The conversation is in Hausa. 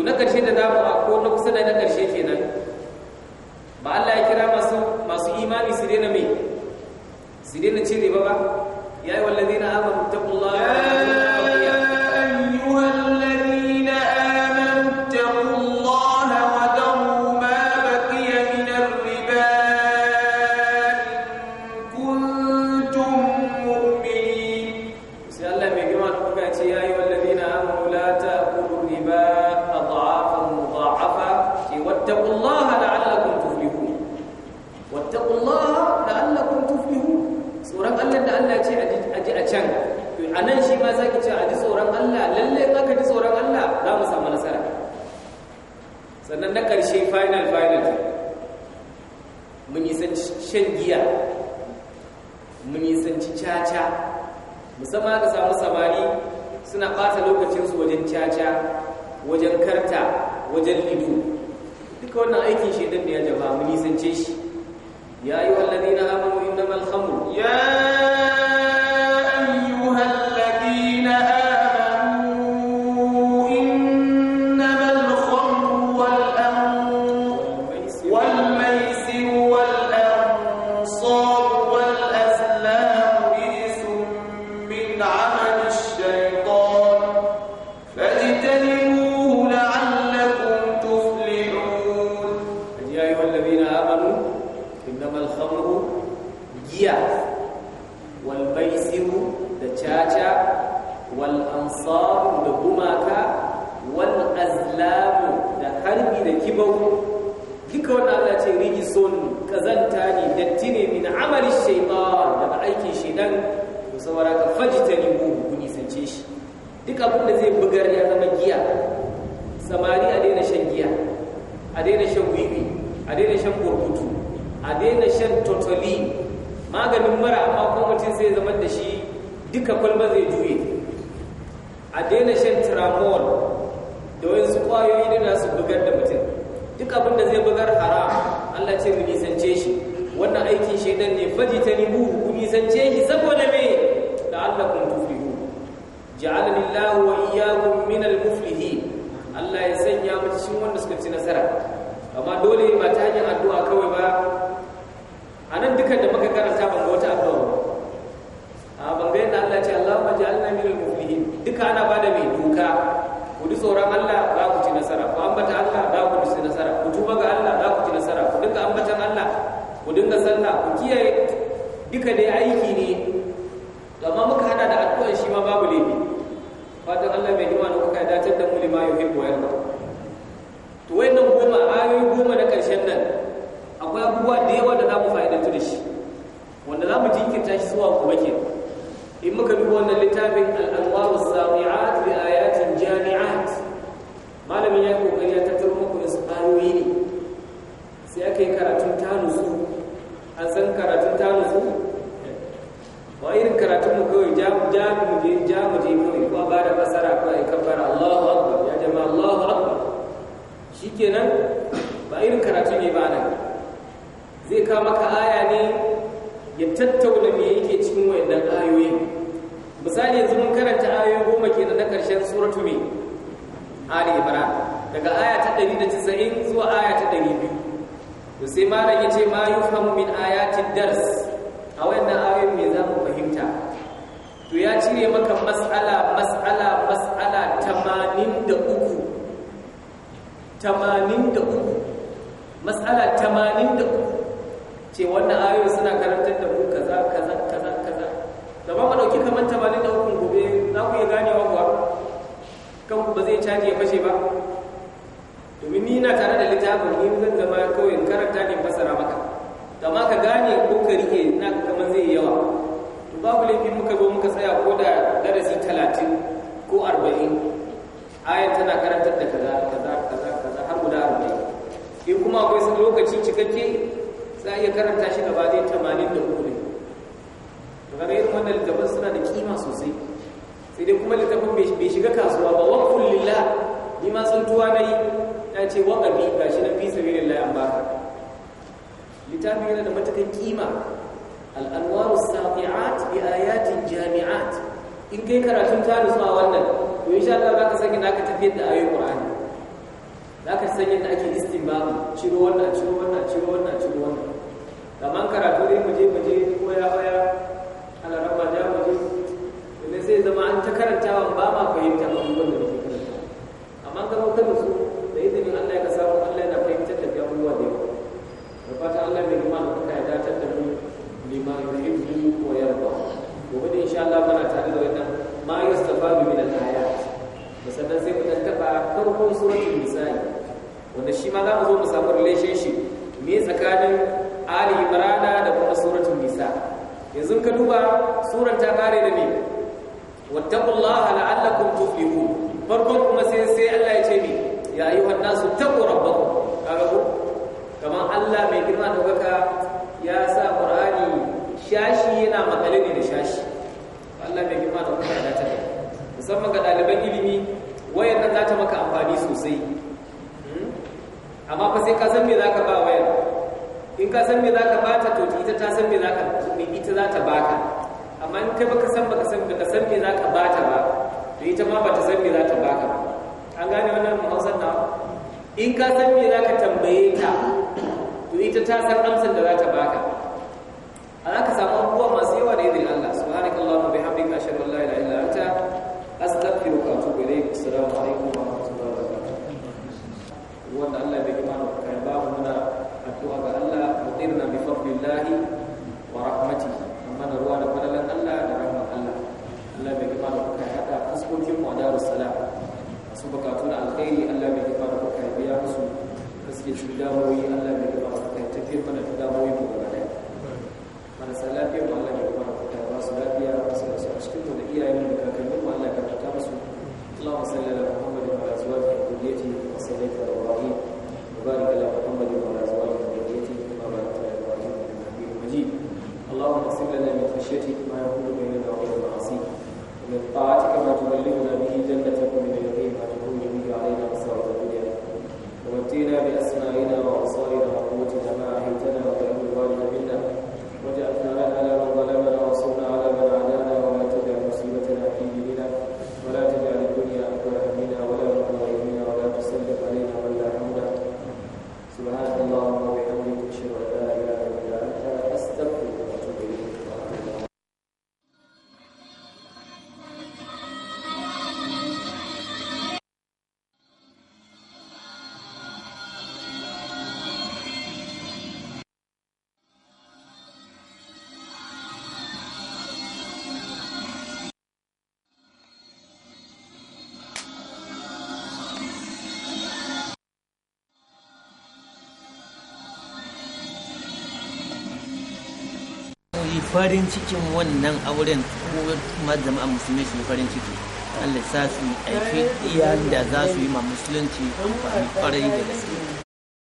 to na ƙarshe da a ko na kusa da na ƙarshe kenan ba Allah ya kira masu masu imani su dena mai su dena cire ba ba sannan na ƙarshe final final mun san shan giya mun nisanci caca musamman ka samu samari suna ɓata lokacinsu wajen caca wajen karta wajen lido duka wannan aikin shaidan da ya jaba mun ce shi ya yi giya wal baisiru da caca wal ansaru da gumaka wal azlamu da harbi da kibau duka wannan Allah ce son kazanta ne datti ne min amalin shaitan daga aikin shaitan ko saboda ka fajitani ku nisance shi duk abin da zai bugar ya zama giya samari a daina shan giya a daina shan wiwi a daina shan gurgutu a daina shan totoli maganin mara amma ko mutum sai zama da shi duka kwalba zai juye a daina shan tiramol da wasu kwayoyi da nasu bugar da mutum duk abin da zai bugar haram Allah ce mu nisance shi wannan aikin shaidan ne fajitanibu ku nisance shi saboda me hu ja'ala ja'alallahu wa iyyakum al muflihin Allah ya sanya mu cikin wanda suka ci nasara amma dole ba ta hanyar addu'a kawai ba a nan dukkan da muka karanta ban ga wata addu'a ba a ban ga Allah ce Allah ma ja'alna al muflihin duka ana bada mai doka ku ji tsoron Allah za ku ci nasara ku ambata Allah za ku ci nasara ku tuba ga Allah za ku ci nasara ku dinga ambatan Allah ku dinga sallah ku kiyaye duka dai aiki ne amma muka hada da addu'a shi ma babu laifi fatan Allah mai hima da kuka dace da mu lima yuhibbu wa yarda wannan littafin al'anwar sami'at da ayatin jami'at malamin ya kokari ya tattaro muku su ayoyi ne sai aka yi karatun tanusu an san karatun tanusu ba irin karatun mu kawai jamuje jamuje kawai kuma ba da masara kawai kafara Allahu akbar ya jama'a Allahu akbar shikenan ba irin karatun ne ba nan zai kawo maka aya ne ya tattauna me yake cikin wayannan ayoyin misali yanzu mun karanta ayoyi goma ke na karshen suratu mai ali imran daga aya ta ɗari da tisa'in zuwa aya ta ɗari biyu to sai ma malam ce ma famu min ayati dars a wannan ayoyin me za mu fahimta to ya cire maka mas'ala mas'ala mas'ala matsala tamanin mas'ala uku, ce wannan ayoyin suna karantar da mu kaza caji ya fashe ba domin ni na tare da littafin ni zan zama kawai in karanta ne fasara maka da ma ka gane ko ka rike na ka kamar zai yawa to babu laifi muka zo muka tsaya ko da darasi talatin ko arba'in ayan tana karantar da kaza kaza kaza kaza har guda arba'in in kuma akwai sun lokaci cikakke za a iya karanta shi gaba zai tamanin da hudu ne. Daga irin wannan littafin suna da kima sosai. sai dai kuma littafin bai shiga kasuwa ba wakul lillah ni ma tsuntuwa na yi ta ce wakabi ga shi na fi sabirin layan baka littafin yana da matakan kima al'anwaru safi'at bi ayatin jami'at in kai karatun ta nutsuwa wannan to sha Allah za ka sanya da aka tafiyar da ayoyin Qur'ani za ka san da ake istinbabi ciro wannan ciro wannan ciro wannan ciro wannan kamar karatu ne mu je mu je ko ya baya ala rabba jamu sai sai zama an ta karanta wa ba ma fahimta abubuwan da muke karanta amma ka bautar da su da izinin Allah ya samu Allah yana fahimtar da kai abubuwa da yawa da fatan Allah mai girma da kuka ya dace da mu lima yuhibbu wa yarda gobe da insha Allah muna tare da wannan ma bi min al-ayat sannan sai mu tattaba farkon suratul nisa'i wanda shi ma za mu zo mu samu relationship me tsakanin Ali Imran da kuma suratul nisa yanzu ka duba surar ta kare da ne wattaqullaha la'allakum tuflihun farkon kuma sai sai ya ce ni ya ayyuhan nasu taqu rabbakum kaga ko kamar Allah mai girma da daukaka ya sa Qur'ani shashi yana makale ne da shashi Allah mai girma da ya musamman ga ɗaliban ilimi wayar da za ta maka amfani sosai hmm? amma fa sai ka san me zaka ba wayar in ka san me zaka ta? to ita ta san me zaka ita za ta baka amma in kai baka san baka san baka san me zaka bata ba to ita ma bata san me za ta baka ba an gane wannan Hausar na in ka san me ka tambaye ta to ita ta san amsar da za ta baka واتبعك ما تبلغنا به جنتك farin cikin wannan auren ko kuma musulmi su yi farin ciki an sa su aiki iya da za su yi ma musulunci amfani kwarai da gaske